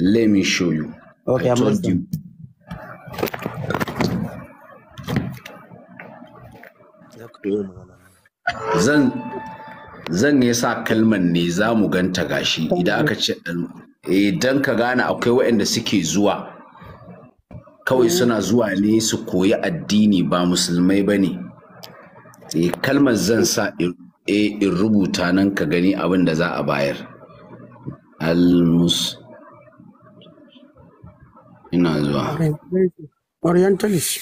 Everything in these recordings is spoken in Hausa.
Let me show you. Okay, I I'm you. Zan zan ne sa kalman ne za mu ganta gashi idan aka ce idan eh, ka gane akwai waɗanda suke zuwa kawai mm. suna zuwa ne su koyi addini ba musulmai ba ne eh, kalmar zan sa eh, in rubuta nan ka gani abin da za a bayar al-musulmai ina zuwa orientalist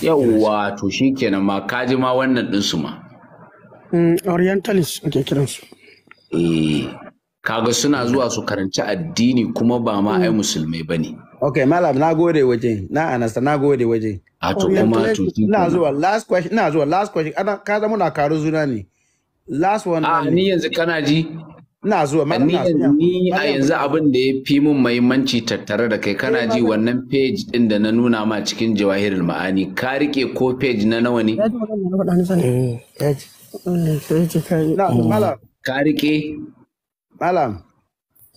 yawwa to shi kenan ma kaji ma wannan ɗinsu ma mm, orientalist ake kiransu eh kaga suna zuwa su karanci addini kuma ba ma ai mm. musulmai bane ok malam na gode waje na anasta na gode waje a to kuma to ina zuwa last question ina zuwa last question ana ka zama na zuna ne last one ah ni yanzu kana ji ina zuwa mana ni a yanzu abin da ya fi mun mahimmanci tattare da kai kana ji eh, wannan page ɗin da na nuna ma cikin jawahirul ma'ani ka rike ko page na nawa ne eh, eh, ka rike malam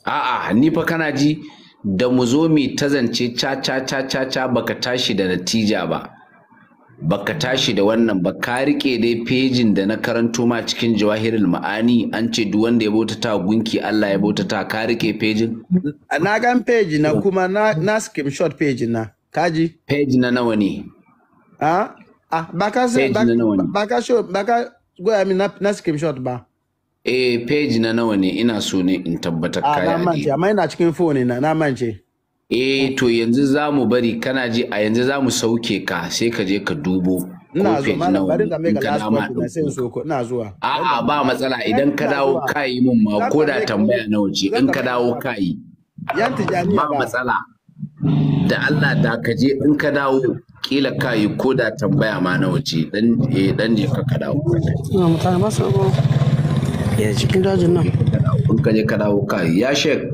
a'a ni fa kana ji da mu zo mu ta zance ca ca ca ca baka tashi da natija ba baka tashi da wannan ba ka rike dai pejin da na karanto ma cikin jawahirul ma'ani an ce duk wanda ya ta gunki Allah ya ta ka rike pejin na gan peji na kuma na na screenshot page na kaji peji na nawa ne a a ba ka sai ba ka show ba ka goya min na, na screenshot ba eh peji na nawa ne ina so ne in tabbatar kai a na mance amma ina cikin phone na na mance eh to yanzu za mu bari kana ji a yanzu za mu sauke ka sai ka je ka dubo ina zuwa na na ina zuwa a'a ba matsala idan ka dawo kai mun ma ko da tambaya na waje in ka dawo kai yan ba matsala da Allah da ka je in ka dawo kila kai ko da tambaya ma na waje dan eh dan je ka ka dawo ina mutane ba su ya kin dajin nan in ka je ka dawo kai ya shek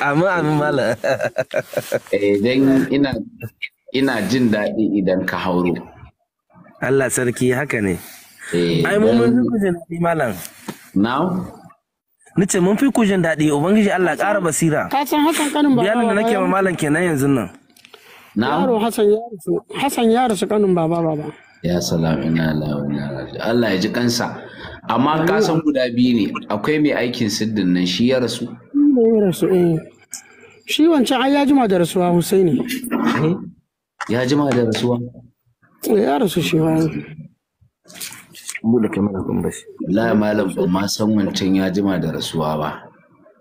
Amin amin mala. Eh dan ina ina jin daɗi idan ka hauro. Allah sarki haka ne. Eh, Ai mun mun fi jin daɗi malam. Now? Nace mun fi ku jin daɗi Ubangiji Allah ƙara basira. Ka san Hassan Kanun baba. Biyanin da nake ma malam kenan yanzu nan. Now? Yaro Hassan ya rasu Hassan ya rasu kanin baba baba. Ya salamu ina Allah ya ji kansa. Amma ka san guda biyu ne akwai mai aikin siddin nan shi ya rasu. da ya rasu eh shi wancan ai ya jima da rasuwa Husaini eh? ya jima da rasuwa eh, ya rasu shi ma bude mana kuma shi wallahi malam ba ma san wancan ya jima da rasuwa ba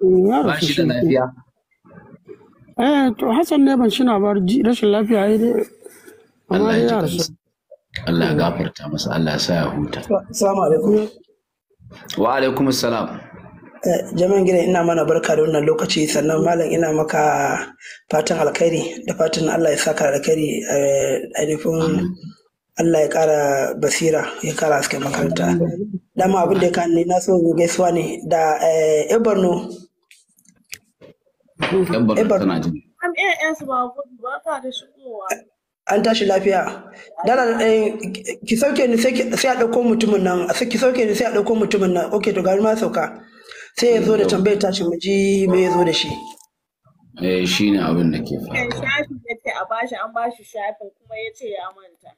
eh, ba shi da lafiya eh to Hassan ne ban shina ba rashin lafiya ai dai Allah ya rasu Allah ya gafarta masa Allah ya sa ya huta assalamu alaikum wa alaikum assalam Eh, jami'an gina ina mana barka da wannan lokaci sannan malam ina maka fatan alkhairi da fatan allah ya saka alkhairi eh, ainihin allah ya kara basira ya kara haske makaranta dama abin da ya kan na so gaisuwa ne da yan eh, an tashi lafiya dala ki sauke ni sai a ɗauko mutumin nan ki sauke ni sai a ɗauko mutumin nan ok to gari ma sauka sai ya zo da tambayar tashi mu ji me ya zo da shi eh shi ne abin da ke faruwa shafi ya ce a bashi an bashi shafin kuma ya ce ya manta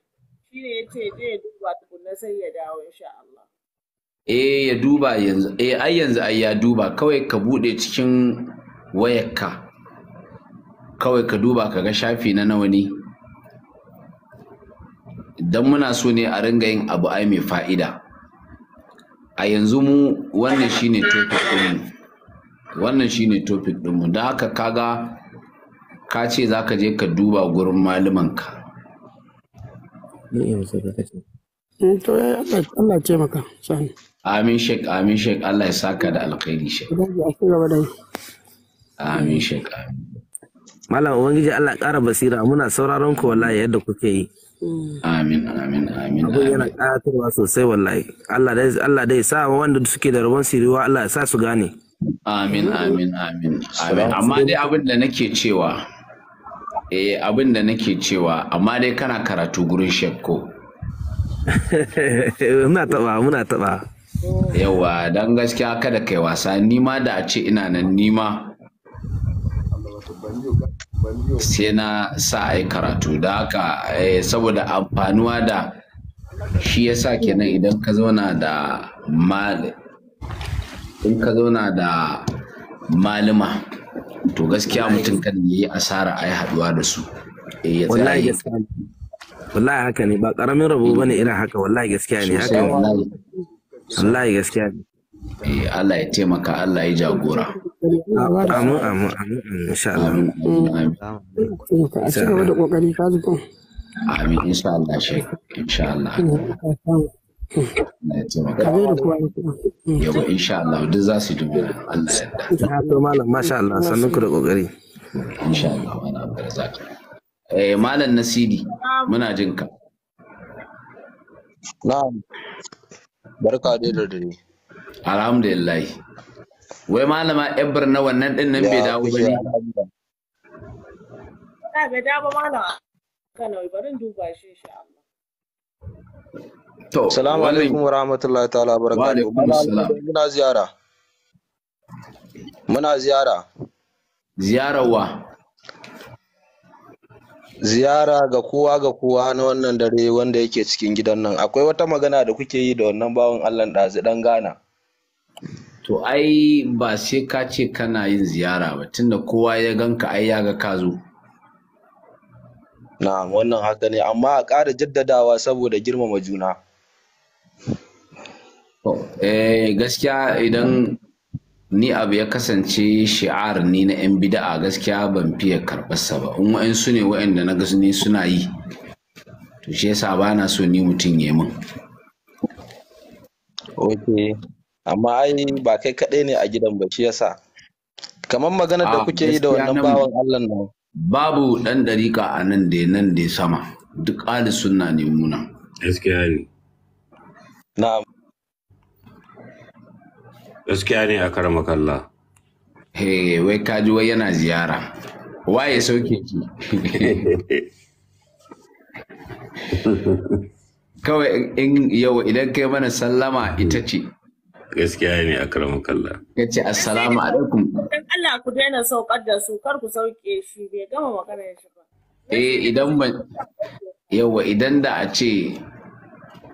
shi ne ya ce je ya duba tukunna sai ya dawo insha Allah eh ya duba yanzu eh ai yanzu ai ya duba kawai ka bude cikin wayarka kawai ka duba ka ga shafi na nawa ne dan muna so ne a ringa yin abu ai mai fa'ida a yanzu mu wannan shine topic ɗinmu wannan shine topic ɗinmu don haka kaga ka ce za ka je ka duba gurin malumanka eh, to eh, Allah amin shek amin shek Allah ya saka da alkhairi shek amin shek amin malam ubangiji Allah ya kara basira muna sauraron ku wallahi yadda kuke yi Mm. Amin, amin, amin. Abin yana ƙayatarwa sosai wallahi. Allah dai Allah dai sa wanda suke da rabon siriwa Allah sa su gane. Amin, amin, amin. Amin. Amma dai abin da nake cewa eh abin da nake cewa amma dai kana karatu gurin shek ko. muna taba, muna taba. Yawa, dan gaskiya kada kai wasa ni ma da a ce ina nan ni ma. sai na sa a yi karatu da haka eh, saboda amfanuwa da shi ya sa kenan idan ka zauna da in ka zauna da malima to gaskiya mutum kan yi asara a yi haduwa da su eh, wallahi haka ne ba karamin rabo ba ne irin haka wallahi gaskiya ne haka wallahi gaskiya ne eh, Allah ya taimaka Allah ya jagora Amin amin amin insha Allah. A ci gaba da kokari ka ji kun. Amin insha Allah shi insha Allah. Kabe da kuwa Yawa insha Allah duk za su dubi Allah ya yarda. malam masha Allah sannu ku da kokari. Insha Allah ana barzaki. Eh malam Nasidi muna jin ka. Na'am. Barka da dare. Alhamdulillah. wai malama ebbar na wannan din nan bai dawo ba ne ba bai dawo malama to assalamu alaikum wa rahmatullahi ta'ala muna ziyara muna ziyara ziyararwa ziyara ga kowa ga kowa na wannan dare wanda yake cikin gidan nan akwai wata magana da kuke yi da wannan bawan allah ɗazu ɗan gana. to ai ba sai ka ce kana yin ziyara ba tunda kowa ya ganka ai ya ga ka zo na'am wannan haka ne amma a ƙara jaddadawa saboda girmama juna eh gaskiya idan ni abu ya kasance shi'ar ni na 'yan bida'a gaskiya ban fiye karɓarsa ba in wa'insu ne wa'inda na gasu ne suna yi to shi yasa ba na so ni mutum ya min amma ai ba kai kaɗai ne a gidan ba shi yasa kamar maganar da ah, kuke yi da wannan bawan Allah nan babu dan dariƙa a nan da nan da sama duk ahli sunna ne muna gaskiya ne na'am gaskiya ne a karama kalla he wai kaji wai yana ziyara waye sauke ki kawai in yau idan kai mana sallama ita ce gaskiya ne a karamin kallah ya ce assalamu alaikum Allah ku daina saukar da su kar ku sauke shi bai gama magana shi ba eh idan ban yawa idan da a ce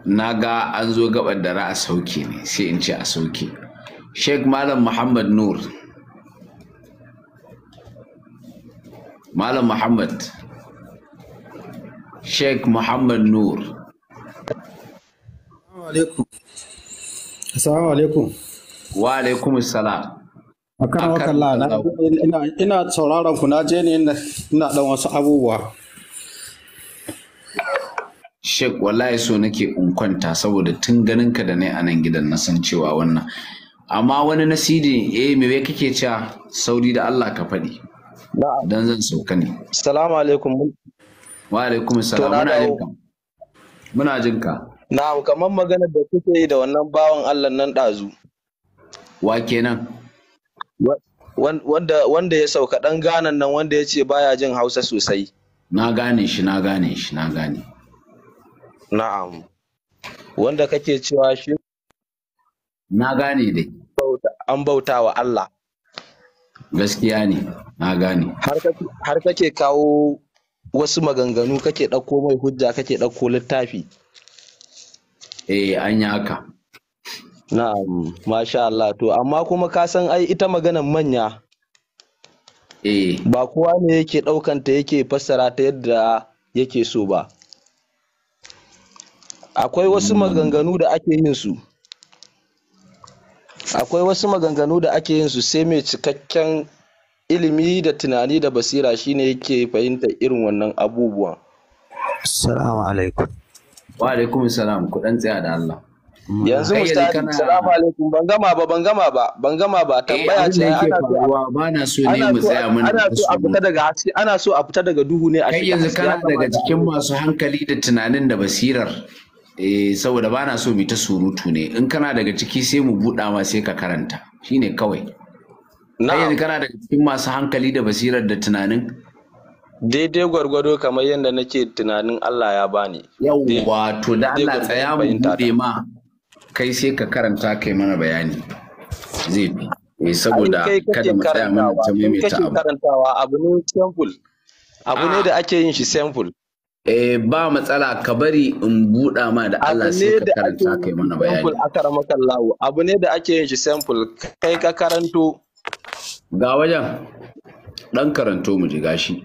na ga an zo gabar da ra'a sauke ne sai in ce a sauke sheikh malam muhammad nur malam muhammad sheikh muhammad nur alaikum Assalamu alaikum. Wa alaikum a Akan wakalla na ina sauraron ku na je ne ina dan wasu abubuwa. Sheikh wallahi so nake unkwanta saboda tun ganin ka da ne a nan gidan na san cewa wannan. Amma wani nasidi eh me wai kake cewa sauri da Allah ka faɗi. Dan zan sauka ne. Assalamu alaikum. Wa alaikum salam. Muna jinka. Muna jinka. Na kamar maganar da kuke yi da wannan bawan Allah nan ɗazu. Wa kenan? Wanda wanda ya sauka ɗan ganan nan wanda ya ce baya jin Hausa sosai. Na gane shi, na gane shi, na gane. Na'am. Wanda kake cewa shi Na gane dai. An bauta wa Allah. Gaskiya ne, na gane. Har kake kawo wasu maganganu kake ɗauko mai hujja kake ɗauko littafi. eh an yi haka na'am masha Allah to amma kuma ka san ai ita maganan manya eh ba kowa ne yake ɗaukanta yake fassara ta yadda yake so ba akwai wasu mm. maganganu da ake yin su akwai wasu maganganu da ake yin su sai mai cikakken ilimi da tunani da basira shine yake fahimtar irin wannan abubuwan assalamu alaikum wa alaikum salam ku dan tsaya da Allah yanzu mustadi salamu alaikum ban gama ba ban gama ba ban gama ba eh, tambaya ce ana so ba na so ne mu tsaya mun ana so a fita daga haske ana so a fita daga duhu ne a shi yanzu kana daga cikin masu hankali da tunanin da basirar eh saboda ba na so mu ta surutu ne in kana daga ciki sai mu buɗa ma sai ka karanta shine kawai na yanzu kana daga cikin masu hankali da basirar da tunanin daidai gwargwado kamar yadda nake tunanin Allah ya bani. Yawwa to da Allah tsaya mu bude ma kai sai ka karanta kai mana bayani. Zai fi. Eh saboda kada mu tsaya mana ta maimaita abu. karantawa abu ne simple. Abu ne ah. da ake yin shi simple. Eh ba matsala ka bari in buɗa ma da Allah sai ka karanta kai mana bayani. Abu ne da ake yin shi simple kai ka karanto. Ga wajen. Ɗan karanto mu ji gashi.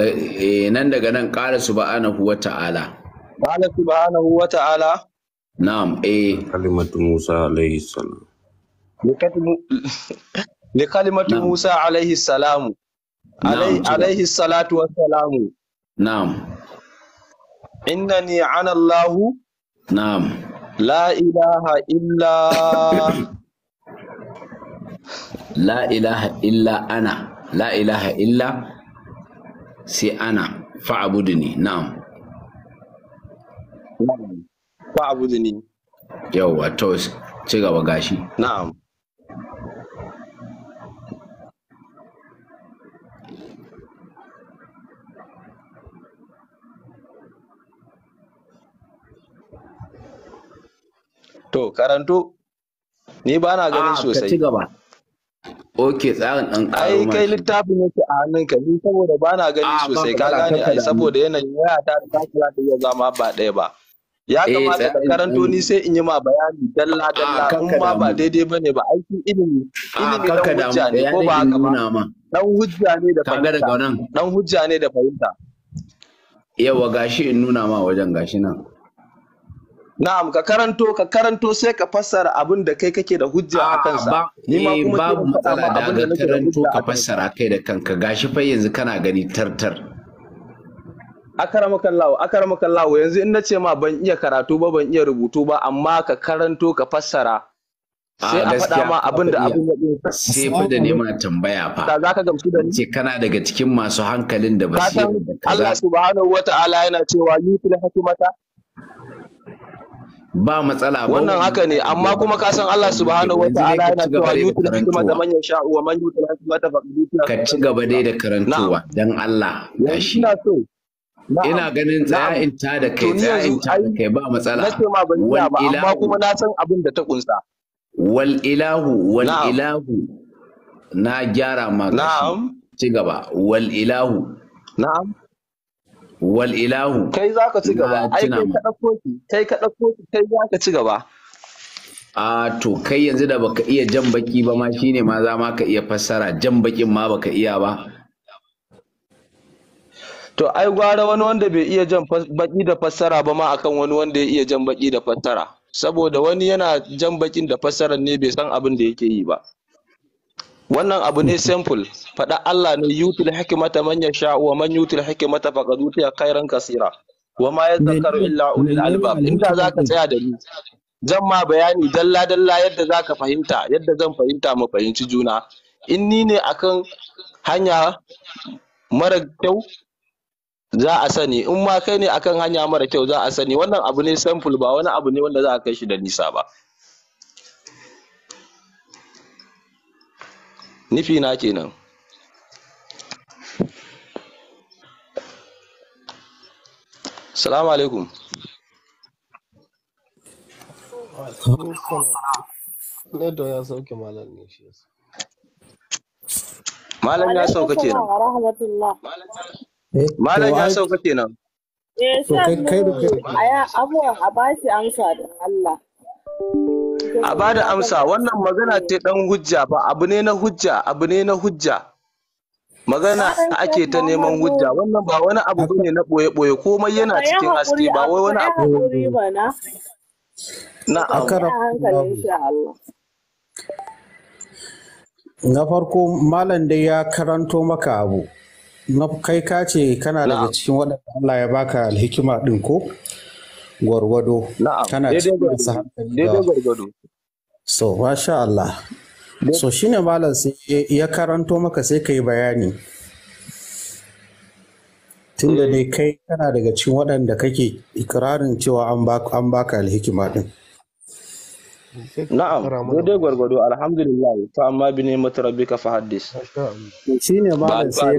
Eh, nan daga nan ƙara su ba'anahu wa ta'ala ƙara su ba'anahu wa ta'ala na'am eh kalimatu musa alaihi salam li kalimatu musa alaihi salamu alaihi salatu wa salamu na'am innani ana allahu na'am la ilaha illa la ilaha illa ana la ilaha illa sai ana fa'abudu ne na'am fa'abudu ne yawwa to ci gaba gashi na'am to karanto ni ba na ganin sosai ah, ka ci gaba Oke tsarin ɗan ƙaro Ai kai littafin yake a hannunka ni saboda ba na gani ah, sosai ka gane ai saboda yanayin waya ta da za ta iya zama ba ɗaya ba. Ya eh, kamata ka karanto ni sai in yi ma bayani dalla dalla ah, in ma ba daidai bane ba aikin ilimi ah, ilimi dan hujja ne ko ba haka ba. Dan hujja ne da fahimta. Dan hujja ne da fahimta. Yawa gashi in nuna ma wajen gashi nan. Na'am ka karanto ka karanto sai ka fassara abin da kai kake da hujja a ah, kansa. Ni ma eh, kuma babu matsala da ga karanto ka fassara kai da kanka gashi fa yanzu kana gani tartar. akaramakan lawo yanzu in nace ma ban iya karatu ba ban iya rubutu ba amma ka karanto ka fassara. Ah, sai a faɗa ma abin da abin da sai fa da neman tambaya fa. Da zaka gamsu da ni. Ce kana daga cikin masu hankalin da basira. Allah subhanahu wata'ala yana cewa yutul hikmata ba matsala ba wannan haka ne amma kuma ka san Allah subhanahu wa ta'ala yana cewa yutul hikma da man yasha wa man yutul hikma ta faqad ka ci gaba dai da karantuwa dan Allah tashi ina so ina ganin tsaya in ta da kai tsaya in ta da kai ba matsala na amma kuma na san abin da ta kunsa wal ilahu wal ilahu na gyara ma na'am ci gaba wal ilahu na'am wal ilahu kai za ka ci gaba ai kai ka ɗauko ki kai ka ɗauko ki kai za ka ci gaba a to kai yanzu da baka iya jan baki ba ma shine ma za ma ka iya fassara jan bakin ma baka iya ba to ai gwara wani wanda bai iya jan baki da fassara ba ma akan wani wanda ya iya jan baki da fassara saboda wani yana jan bakin da fassarar ne bai san abin da yake yi ba wannan abu ne simple faɗa Allah ne yutul hikmata man yasha wa man yutul hikmata faqad utiya khairan kasira wa ma yadhakkaru illa ulul albab inda zaka tsaya da ni zan ma bayani dalla dalla yadda zaka fahimta yadda zan fahimta mu fahimci juna in ni ne akan hanya mara kyau za a sani in ma kai ne akan hanya mara kyau za a sani wannan abu ne simple ba wani abu ne wanda za a kai shi da nisa ba Nufi ke nan. Salamu alaikum. Nedo ya sauke malam ne shi Malam ya sauka kenan. Eh, malam ya sauka kenan. Eh, sai abuwa a bashi amsa don Allah. a bada amsa wannan magana ce dan hujja ba abu ne na hujja abu ne na hujja magana ake ta neman hujja wannan ba wani abu bane na boye boye komai yana cikin haske ba wai wani abu na na farko malam dai ya karanto maka abu na kai ka ce kana daga cikin waɗanda Allah ya baka alhikima ɗin ko gwargwado kana cikin hankali so masha Allah so shine malam sai ya karanto maka sai ka yi bayani tunda ne eh. kai kana daga cikin waɗanda kake ikirarin cewa an baka alhikima din na'am daidai gwargwado alhamdulillah to amma bi ne mata rabbika fa haddis shine malam sai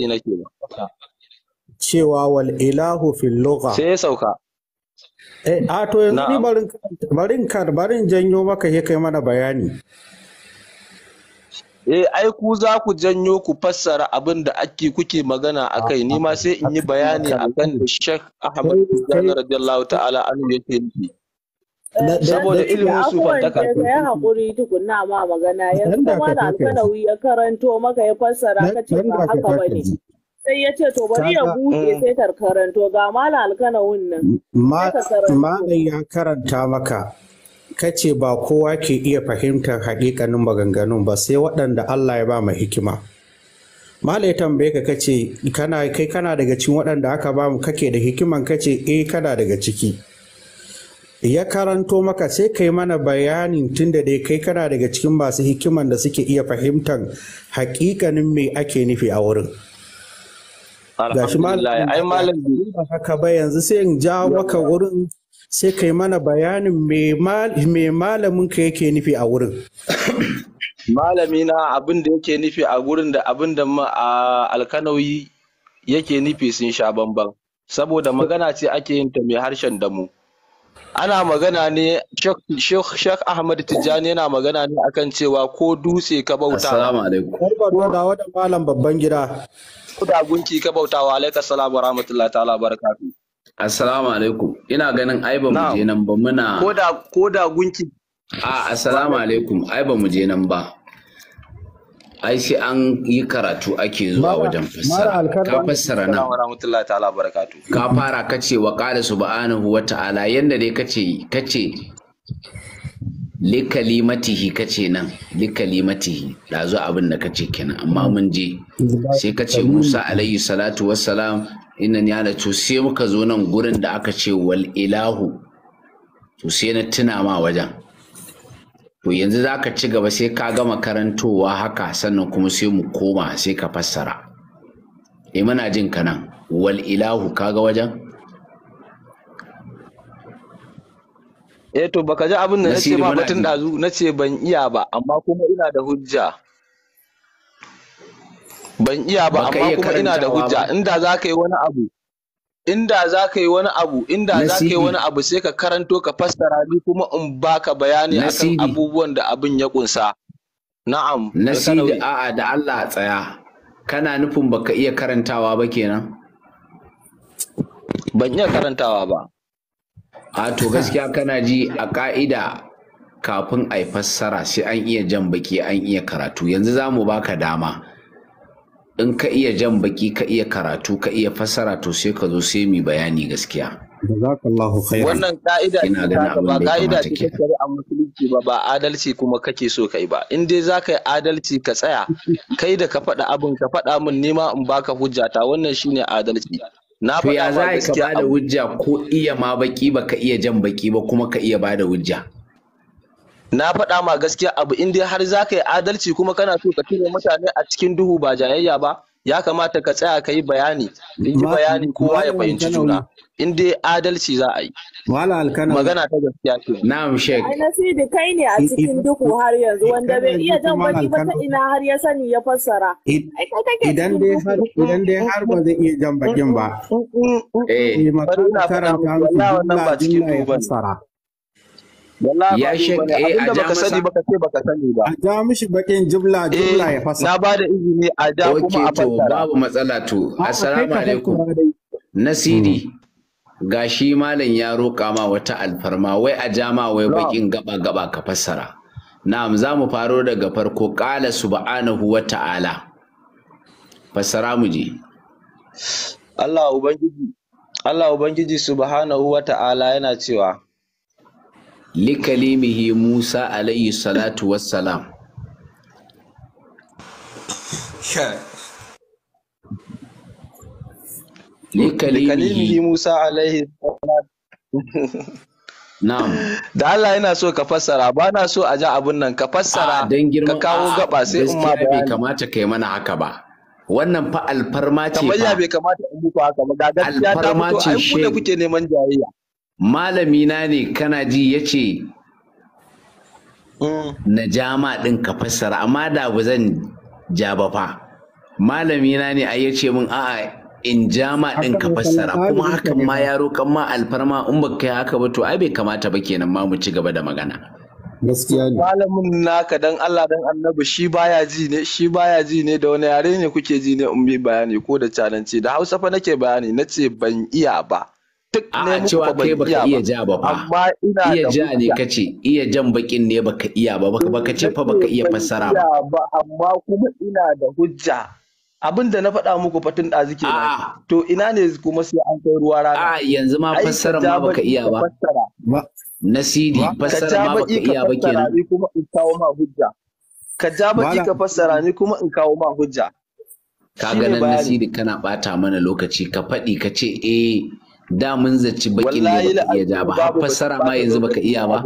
cewa wal ilahu fil lugha sai ya sauka Eh, a to yanzu ni barin barin janyo maka ya kai mana bayani eh ai ku za ku janyo ku fassara abin da ake kuke magana a kai ni ma sai in yi bayani akan Sheikh Ahmad Zani radiyallahu ta'ala yi yake nufi saboda ilimin su fantaka ya hakuri tukunna ma magana yanzu kuma da alkanawi ya karanto maka ya fassara ka ce ba haka ba ne. sai ya ce to bari ya buɗe eh. sai to ga mala alkana wannan malam ya karanta maka kace ba kowa ke iya fahimtar hakikanin maganganun ba sai waɗanda Allah ya ba mu hikima Mala ya tambaye ka kace kana kai kana daga cikin waɗanda aka ba mu kake da hikiman kace eh kana daga ciki ya karanto maka sai kai mana bayanin tunda dai kai kana daga cikin masu hikiman da suke iya fahimtar hakikanin me ake nufi a wurin alhamdulillah ai malam ba haka ba yanzu sai in ja maka wurin sai kai mana bayanin me malamin ka yake nufi a wurin Malamina na abin da yake nufi a wurin da abin da alkanoyi yake nufi sun sha bamban saboda magana ce ake yin ta mai harshen damu ana magana ne Sheikh Ahmad Tijjani yana magana ne akan cewa ko dutse ka bauta Assalamu alaikum barka da wadan malam babban gida ko da gunki ka bauta wa alaika salam wa rahmatullahi ta'ala barakatuh Assalamu alaikum ina ganin ai ba mu je nan ba muna ko da ko da gunki a ah, assalamu alaikum ai ba mu je nan ba ai sai an yi karatu ake zuwa wajen fassara ka fassara nan ka fara kace wa qala subhanahu wa ta'ala yanda dai kace kace li kalimatihi kace nan li kalimatihi dazu abin da kace kenan amma mun je sai kace Musa alayhi salatu wassalam ni ala to sai muka zo nan gurin da aka ce wal ilahu to sai na tuna ma wajen to yanzu za ka ci gaba sai ka gama karantowa haka sannan kuma sai mu koma sai ka fassara e muna jin ka nan wal ilahu kaga wajen E, to baka ji abin da nace ma batun dazu ce ban iya ba amma kuma ina da hujja ban iya ba amma kuma ina da hujja inda za ka yi wani abu Inda za ka yi wani abu, inda za ka yi wani abu sai ka karanto ka fassara ni kuma in baka bayani akan abubuwan da abin ya kunsa. Na'am. Na sidi a'a da Allah tsaya. Kana nufin baka iya karantawa ba kenan? Ban iya karantawa ba. A to gaskiya kana ji a ka'ida kafin a fassara sai an iya jan baki an iya karatu yanzu za mu baka dama in ka iya jan baki ka iya karatu ka iya fassara to sai ka zo sai mu bayani gaskiya jazakallahu khairan wannan ka'ida ina ba ka'ida ce ta shari'a musulunci ba ba adalci kuma kake so kai ba in dai zaka yi adalci ka tsaya kai da ka faɗa abin ka faɗa min nema in baka hujjata wannan shine adalci na faɗa ka bada hujja ko iya ma baki baka iya jan baki ba kuma ka iya bada hujja Na faɗa ma gaskiya abu in dai har za ka yi adalci kuma kana so ka cire mutane a cikin duhu ba jayayya ba ya kamata ka tsaya ka yi bayani in yi bayani kowa ya fahimci juna in dai adalci za a yi. magana ta gaskiya ce. Na shek. Ai nasidi kai ne a cikin duhu har yanzu wanda bai iya jan wani ba ta ina har ya sani ya fassara. Idan dai har idan dai har ba zai iya jan bakin ba. Eh. Bari ina faɗa wannan ba cikin duhu ba. ya shek eh, a ja masa sani baka ce baka sani ba a ja mishi bakin jumla eh, jumla ya fasa na ba da izini a ja kuma a fassara babu matsala to assalamu alaikum nasiri hmm. gashi malam ya roƙa ma wata alfarma wai a ja ma wai bakin gaba gaba ka fassara na'am za mu faro daga farko ƙala subhanahu wa ta'ala fassara mu je Allah ubangiji Allah ubangiji subhanahu wa ta'ala yana cewa likalimihi Musa alayhi salatu wassalam likalimihi Musa alayhi Na'am. Da Allah yana so ka fassara ba na so a ja abun nan ka fassara ka kawo gaba sai in ma bai kamata kai mana haka ba. Wannan fa alfarma ce fa. bai kamata in muku haka ba ga gaskiya ai kuke neman jayayya. malamina ne kana ji ya ce mm. na jama ɗin ka fassara amma da ba zan ja ba fa malamina ne a ya ce min a'a in jama ɗin ka fassara kuma hakan ma yaro kan ma alfarma in ba kai haka ba to ai bai kamata ba kenan ma mu ci gaba da magana gaskiya malamin naka dan Allah dan Annabi shi baya ji ne shi baya ji ne da wani yare ne kuke ji ne in bayani ko da canance? da Hausa fa nake bayani nace ban iya ba duk ne muku cewa kai baka iya ja ba fa amma ina iya ja ne kace iya jan bakin ne baka iya ba baka baka ce fa baka iya fassara ba amma kuma ina da hujja abin da na faɗa muku fatin da zike na to ina ne kuma sai an kai ruwa rana a yanzu ma fassara ma baka iya ba na sidi fassara ma baka iya ba kenan kuma in kawo ma hujja ka ja baki ka fassara ni kuma in kawo ma hujja ka ganin nasidi kana bata mana lokaci ka faɗi ka ce eh da mun zaci baki ne ba iya ja ba har fassara ma yanzu baka iya ba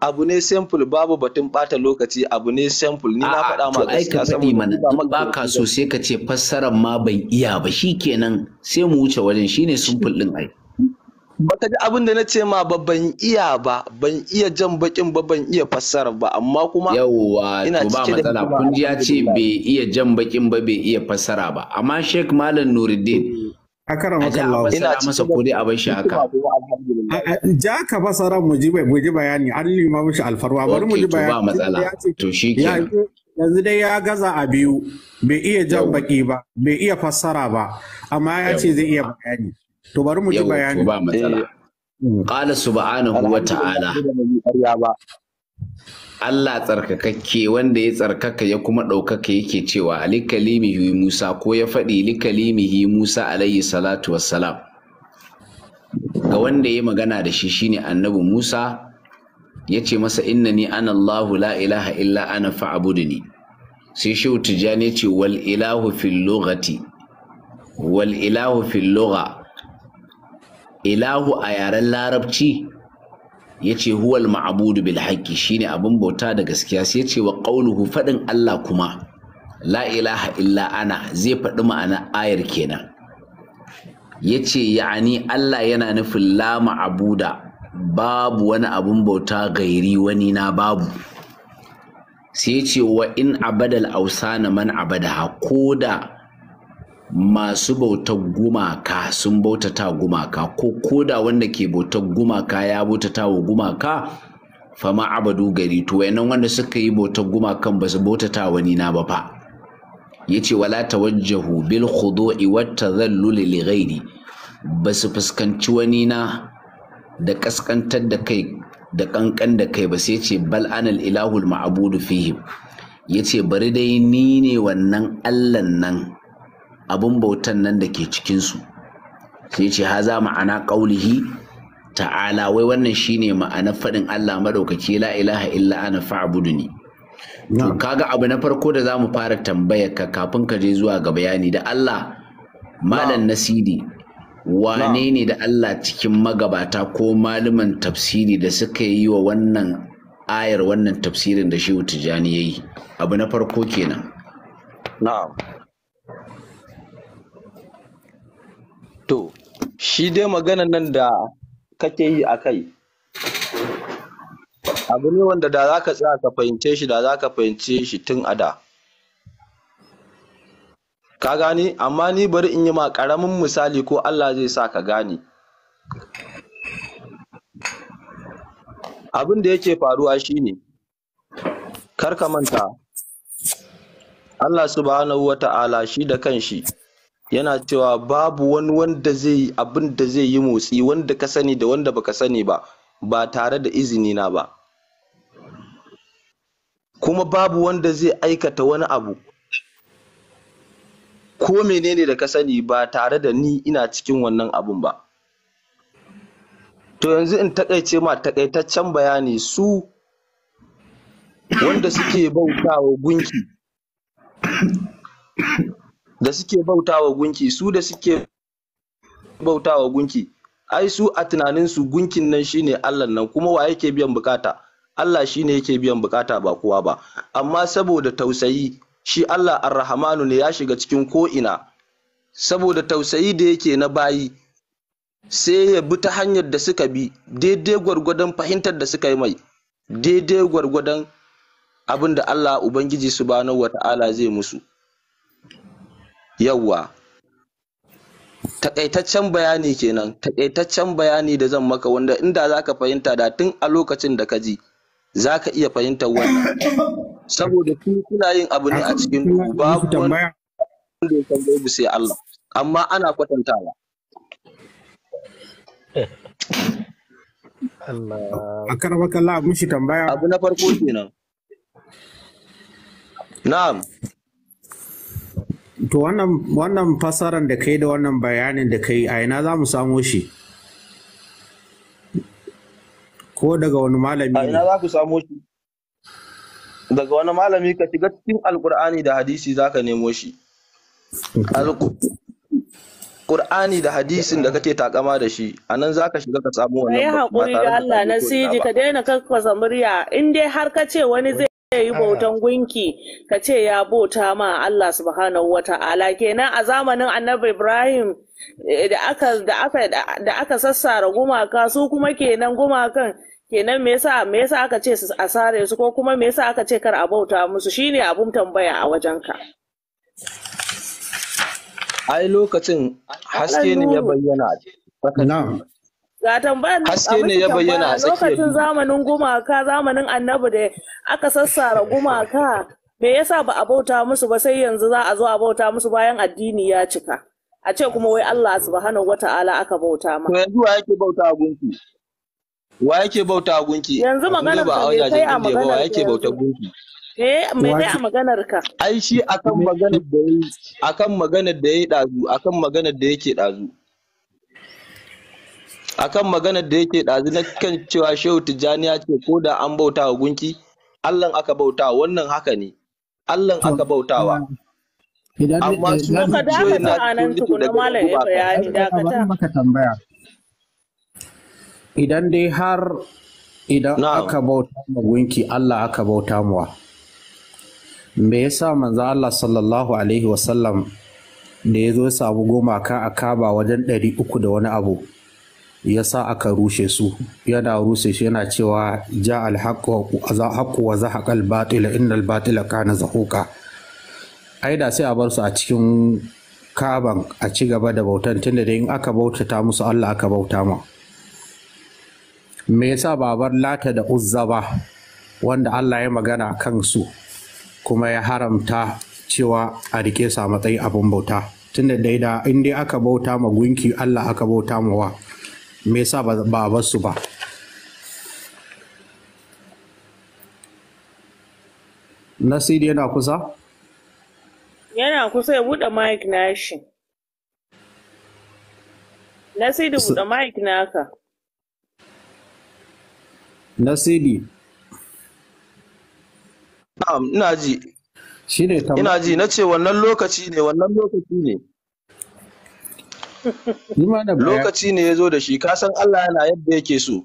abu ne simple babu batun bata lokaci abu ne simple ni na faɗa ma ai ka faɗi mana ba ka so sai ka ce fassarar ma ban iya ba shikenan sai mu wuce wajen shine simple din ai baka ji abin da na ce ma ba ban iya ba ban iya jan bakin ba ban iya fassara ba amma kuma yawwa to ba matsala kun ji ya ce bai iya jan bakin ba bai iya fassara ba amma Sheikh Malam Nuruddin akara makallahu ina masa kudi a bashi haka ja ka fasa ran mu ji bayani an lima mishi alfarwa bari mu ji bayani to ba matsala to shikenan yanzu dai ya gaza a biyu bai iya jan baki ba bai iya fassara ba amma ya ce zai iya bayani to bari mu ji bayani to ba matsala eh. qala subhanahu wa ta'ala Allah tsarkakakke wanda ya tsarkaka ya kuma ɗaukaka yake cewa likalimihi Musa ko ya faɗi likalimihi Musa alayhi salatu wassalam ga wanda ya magana da shi shine annabi Musa ya ce masa innani ana Allahu la illa ana ni." sai shehu tijani ce wal ilahu fil lughati wal fil lugha ilahu a yaren larabci yace huwal ma'abudu bil haqqi shine abin bauta da gaskiya sai yace wa qawluhu fadin Allah kuma la ilaha illa ana zai faɗi ma'ana ayar kenan yace ya'ani Allah yana nufin la ma'buda babu wani abin bauta gairi wani na babu sai yace wa in abadal ausa na man abadaha da. masu bautar gumaka sun bautata gumaka ko koda wanda ke bautar gumaka ya bautata wa gumaka fama abadu gari to wayannan wanda suka yi bautar gumakan ba su bautata wani na ba fa yace wala tawajjahu bil khudu'i wat tadhallul li ghairi ba su fuskanci wani na da kaskantar da kai da kankan da kai ba sai yace bal anal ilahul ma'budu fihim yace bari dai ni ne wannan allan nan abin bautan nan da ke cikinsu sai ce haza ma'ana ƙaulihi ta'ala wai wannan shine ma'ana faɗin Allah maɗaukaki la ilaha illa ana ne. to kaga abu na farko da zamu fara tambayar ka kafin ka je zuwa ga bayani da Allah malam nasidi wane ne da Allah cikin magabata ko maluman tafsiri da suka yi wa wannan ayar wannan tafsirin da shehu tijjani yayi abu na farko kenan To, shi dai magana nan da kake yi a kai, abu ne wanda da za ka tsaya ka fahimce shi da za ka fahimce shi tun a da. Ka gani amma ni bari in yi ma ƙaramin misali ko Allah zai sa ka gane. Abin da yake faruwa shi ne, kar ka manta, Allah subhanahu wa ta'ala shi da kan shi. yana cewa babu wani wanda zai abin da zai yi motsi wanda ka sani da wanda baka sani ba ba tare da izini na ba kuma babu wanda zai aikata wani abu ko menene da ka sani ba tare da ni ina cikin wannan abun ba to yanzu in takaice ma takaitaccen bayani su wanda suke bautawa gunki da suke bautawa gunki su da suke bautawa gunki ai su a tunanin su gunkin nan shine Allah nan kuma wa yake biyan bukata Allah shine yake biyan bukata ba kowa ba amma saboda tausayi shi Allah arrahmanu rahmanu ne ya shiga cikin ko ina saboda tausayi da yake na bayi sai ya bi ta hanyar da suka bi daidai gwargwadon fahimtar da suka yi mai daidai gwargwadon abin da Allah Ubangiji subhanahu wata'ala zai musu yawwa takaitaccen bayani kenan takaitaccen bayani da zan maka wanda inda za ka fahimta da tun a lokacin da ka ji za ka iya fahimtar wannan saboda tun kuna yin abu ne a cikin duhu babu wanda ya san gaibu sai Allah amma ana kwatantawa Allah a karbaka tambaya abu na farko kenan na'am To wannan fasaran da kai da wannan bayanin da kai a ina za mu samo shi? Ko daga wani malami A ina za ku samo shi? Daga wani malami ka shiga cikin Alƙur'ani da hadisi za ka nemo shi. Qur'ani da hadisin da kake takama da shi a nan za ka shiga ka samu wannan ba tare da Allah na siji ka daina murya in dai har ka ce wani zai ya yi bautan gunki ka ce ya bauta ma Allah subhanahu wa ta'ala kenan a zamanin annabi Ibrahim eh, da aka da aka sassara gumaka su kuma kenan gumakan kenan me yasa me aka ce a sare su ko kuma me yasa aka ce kar a bauta musu shine abun tambaya a wajenka ai lokacin haske ne ya bayyana na'am ga tambayar haske ne ya bayyana a lokacin zamanin gumaka zamanin annabi da aka sassara gumaka me yasa ba a bauta musu ba sai yanzu za a zo a bauta musu bayan addini ya cika a ce kuma wai Allah subhanahu wata'ala aka bauta ma to yanzu wa yake bauta gunki wa yake bauta gunki yanzu magana ba a kai a magana wa yake bauta gunki Eh, me ne a maganar ka? Ai shi akan maganar da yayi akan maganar da yayi dazu akan maganar da yake dazu. akan maganar da yake ɗazu na kan cewa shehu tijjani ya ce ko da an bauta wa gunki allan aka bauta wannan haka ne allan aka bautawa amma su na tambaya. idan dai har idan aka bauta wa gunki allah aka bauta muwa me yasa manzo allah sallallahu alaihi wasallam da ya zo samu goma kan akaba wajen ɗari uku da wani abu ya sa aka rushe su yana rushe shi yana cewa ja alhaqqu wa zahaqa albatil innal batila kana zahuqa ai da sai a bar su a cikin kaban a ci gaba da bautan tunda da in aka bautata musu Allah aka bauta ma me yasa ba bar lata da uzza ba wanda Allah ya magana kan su kuma ya haramta cewa a rike su a matsayin abin bauta tunda da in dai aka bauta ma gunki Allah aka bauta ma wa me yasa ba a su ba nasiri yana kusa yana kusa ya buɗe mic shi. nasiri buɗe mic ka nasiri na'am ina ji ina ji na ce wannan lokaci ne wannan lokaci ne lokaci ne ya zo da shi kasan Allah yana yadda yake so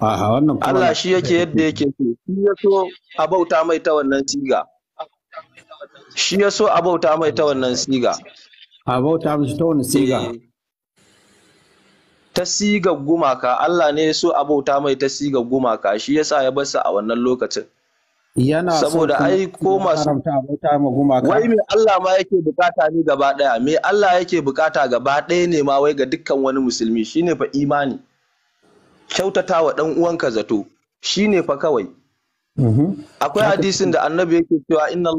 Allah shi yake yadda yake so shi ya so a bauta mai ta wannan siga shi ya so a bauta mai ta wannan siga a bauta mai ta wannan siga eh. ta siga gumaka Allah ne ya so a bauta mai ta siga gumaka shi ya sa ya basa a wannan lokacin yana saboda ai ko masu wai me Allah ma yake bukata ne gaba daya me Allah yake bukata gaba daya ne ma wai ga dukkan wani musulmi shine fa imani kyautata wa dan uwanka zato shine fa kawai mhm. akwai hadisin da annabi yake cewa inna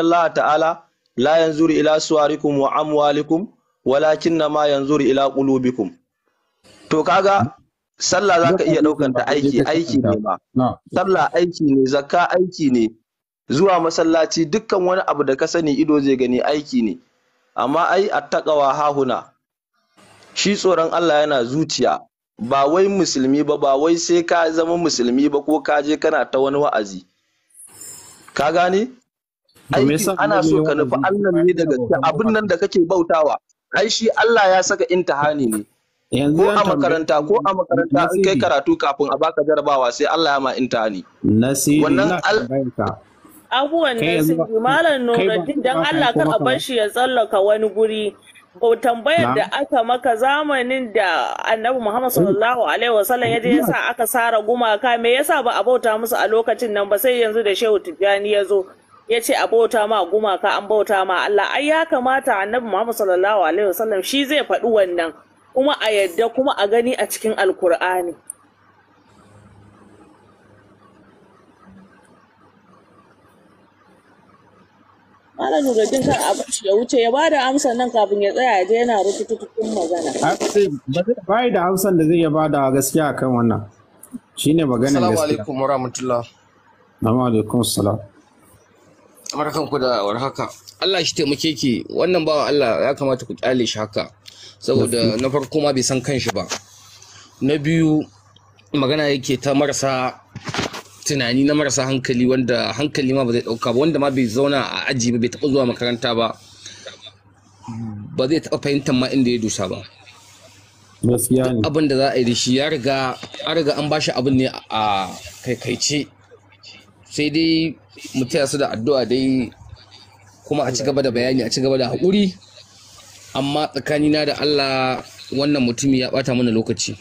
Allah ta'ala la yanzuru ila suwarikum wa amwalikum walakin ma yanzuru ila qulubikum to kaga sallah za ka iya ɗaukar ta aiki aiki ne ba. sallah aiki ne zakka aiki ne zuwa masallaci dukkan wani abu da ka sani ido zai gani aiki ne amma ai a taƙawa hahuna shi tsoron Allah yana zuciya ba wai musulmi ba ba wai sai ka zama musulmi ba ko ka je kana ta wani wa'azi ka gane aiki ana so ka nufi Allah ne daga abin nan da kake bautawa ai shi Allah ya saka intihani ne yanzu a makaranta ko a makaranta in kai karatu kafin a baka jarabawa sai Allah ya ma intani nasiri wannan abuwan abubuwan nasiri malam Nuruddin dan Allah kar a bar shi ya tsallaka wani guri ko tambayar da aka maka zamanin da annabi Muhammad sallallahu alaihi wasallam ya je ya sa aka sara gumaka me yasa ba a bauta musu a lokacin nan ba sai yanzu da Shehu Tijjani ya zo ya ce a bauta ma gumaka an bauta ma Allah ai ya kamata annabi Muhammad sallallahu alaihi wasallam shi zai faɗi wannan kuma a yadda kuma a gani a cikin alkur'ani Malam Nuruddin sa abin shi ya wuce ya ba da amsan nan kafin ya tsaya ya je yana rutututun magana. Ba da amsar da zai ya ba da gaskiya akan wannan. Shine maganar gaskiya. Assalamu alaikum wa rahmatullah. Assalamu alaikum ku da haka Allah shi taimake ki wannan bawa Allah ya kamata ku kyale shi haka saboda na farko ma bai san kanshi ba na biyu magana yake ta marasa tunani na marasa hankali wanda hankali ma ba zai dauka ba wanda ma bai zauna a aji ba bai taba zuwa makaranta ba ba zai taba fahimtar ma inda ya dusa ba abin da za a yi da shi ya riga an ba shi bashi abin ne a kaikaice sai dai mu taya su da addu'a dai kuma a ci gaba da bayani a ci gaba da haƙuri amma tsakanina da Allah wannan mutumi ya ɓata mana lokaci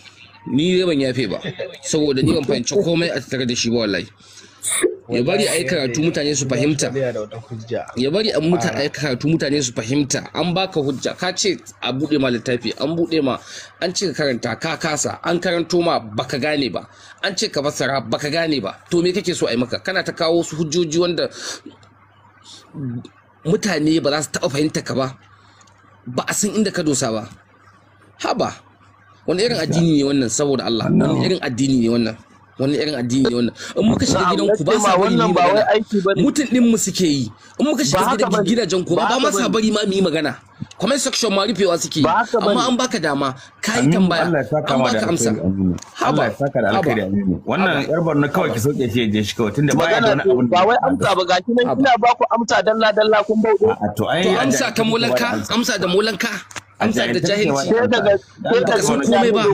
ni dai ban yafe ba saboda ni ban fahimci komai a tattare da shi ba wallahi ya bari a yi karatu mutane su fahimta ya bari a yi karatu mutane su fahimta an baka hujja ka ce a bude ma littafi an bude ma an ce ka karanta ka kasa an karanto ma baka gane ba an ce ka fassara baka gane ba to me kake so a yi maka kana ta kawo su hujjoji wanda mutane ba za su taɓa fahimta ka ba ba a san inda ka dosa ba haba wani irin addini ne wannan saboda Allah wani irin addini ne wannan wani irin addini ne wannan in muka shiga gidan ku ba sa bari mu ba wai aiki mutun din mu suke yi in muka shiga gidajen ku ba ma sa bari ma mu yi magana comment section ma rufewa suke amma an baka dama kai tambaya amma ka amsa Allah ya saka da alkhairi amin wannan yar barna kawai ki sauke shi je shi kawai tunda ya da wani abu ba wai amsa ba gashi nan ina ba ku amsa dalla dalla kun bauɗe to amsa ta mulanka amsa da mulanka amsa da jahilci sai da gaskiya ta zo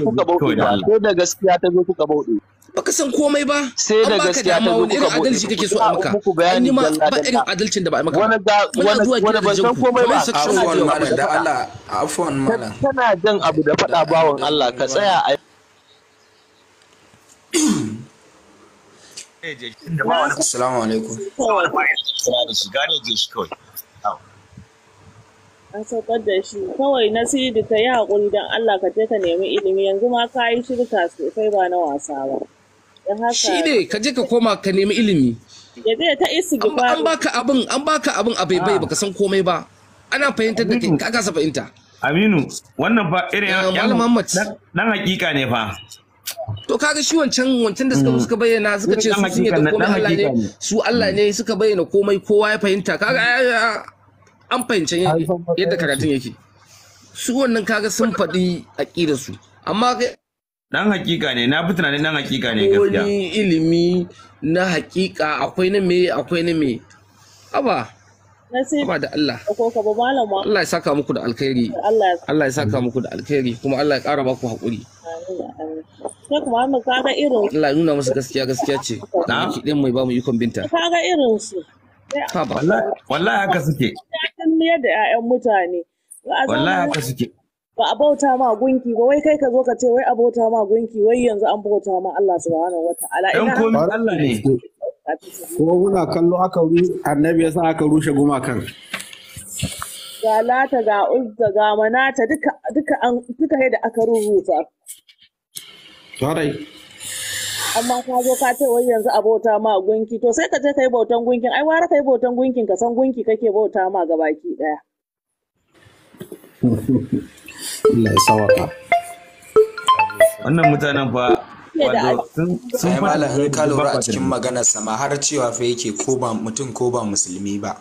kuka bauɗe sai da gaskiya ta zo kuka bauɗe baka san komai ba sai da gaskiya ta zo kuka adalci kake so a maka an yi ma ba irin adalcin da ba a maka wani ga wani wani ban san komai ba afwan malam da Allah afwan malam kana jan abu da faɗa bawon Allah ka tsaya a Assalamu alaikum. Gane je shi kawai. an saukar da shi kawai nasiru ta yi haƙuri don allah ka je ka nemi ilimi yanzu ma ka yi shirka sosai ba na wasa ba shi ne ka je ka koma ka nemi ilimi an baka abin an baka abin a baibai ah. baka san komai ba ana fahimtar da kai ka kasa fahimta aminu wannan fa irin eh, dan hakika ne fa to kaga shi wancan wancan da suka hmm. suka bayyana suka ce su sun yi komai Allah ne su Allah ne suka bayyana komai kowa ya fahimta kaga an fahimci yadda karatun yake su wannan kaga sun faɗi aƙidar su amma Dan hakika ne, na fi tunanin dan hakika ne gaskiya. Wani ilimi na hakika akwai na me akwai na me. Aba. Aba da Allah. Allah ya saka muku da alkhairi. Allah ya saka muku da alkhairi kuma Allah ya ƙara baku haƙuri. Shek Muhammad ka ga irin. Allah nuna musu gaskiya gaskiya ce. Na ki ɗin mai ba mu ikon binta. Ka ga irin su. Wallahi haka suke. Ya kan da Wallahi haka suke. ba a bauta ma gunki ba wai kai ka zo ka ce wai a bauta ma gunki wai yanzu an bauta ma Allah subhanahu wataala ina komai Allah ne ko muna kallo aka annabi yasa aka rushe gumakan ga lata ga uzza ga manata duka duka an duka da aka rubuta amma ka zo ka ce wai yanzu a bauta ma gunki to sai ka je ka yi bautan gunkin ai wara ka yi bautan gunkin ka san gunki kake bauta ma ga baki daya Allah ya sawaka wannan mutanen fa sun fa da hankali lura a cikin maganar sama har cewa fa yake ko ba mutum ko ba musulmi ba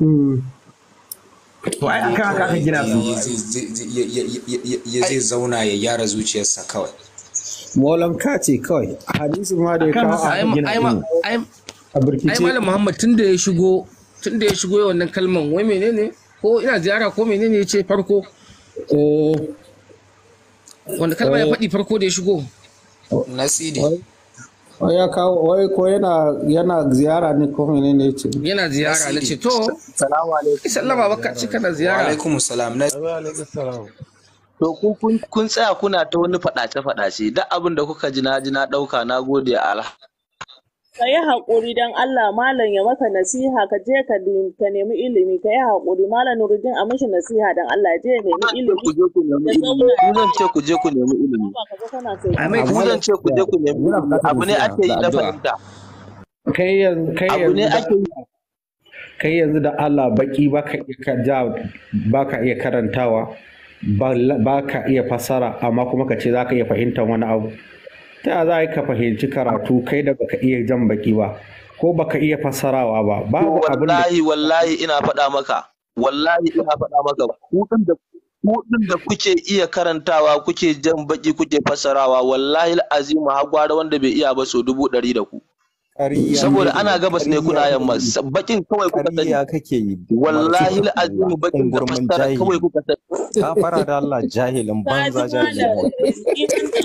hmm. to ai aka aka gina su ya zai zauna ya gyara zuciyarsa kawai molan ka ce kawai a hadisin ma da ya kawo a gina a birkice ai malam muhammad tunda ya shigo tunda ya shigo wannan kalman wai menene ko ina ziyara ko menene ya ce farko wanda kalma ya faɗi farko da ya shigo nasidi ya kawo wai ko yana yana ziyara ne ko mene ne ce yana ziyara ne ce to salamu alaikum sallama baka ci kana ziyara wa alaikum salam na to kun kun tsaya kuna ta wani fadace-fadace, duk abin da kuka ji na ji na ɗauka na gode alhamdulillah ka yi haƙuri don Allah malam ya maka nasiha ka je ka nemi ilimi ka yi haƙuri malam Nuruddin a mishi nasiha don Allah ya je ka nemi ilimi ku zan ce ku je ku nemi ilimi ku zan ce ku je ku nemi ilimi abu ne ake yi na fahimta kai yanzu kai yanzu kai yanzu da Allah baki baka iya ja baka iya karantawa baka iya fasara amma kuma ka ce zaka iya fahimtar wani abu ta za ka fahimci karatu kai da baka iya jan baki ba ko baka iya fassarawa ba babu abin da wallahi wallahi ina faɗa maka wallahi ina faɗa maka kudin da kudin da kuke iya karantawa kuke jan baki kuke fassarawa wallahi azimu har gwara wanda bai iya ba so dubu ɗari da ku saboda ana gabas ne kuna yamma bakin kawai kuka sani kake yi wallahi al'azim bakin da fassara kawai kuka sani ka fara da Allah jahilin banza jahilin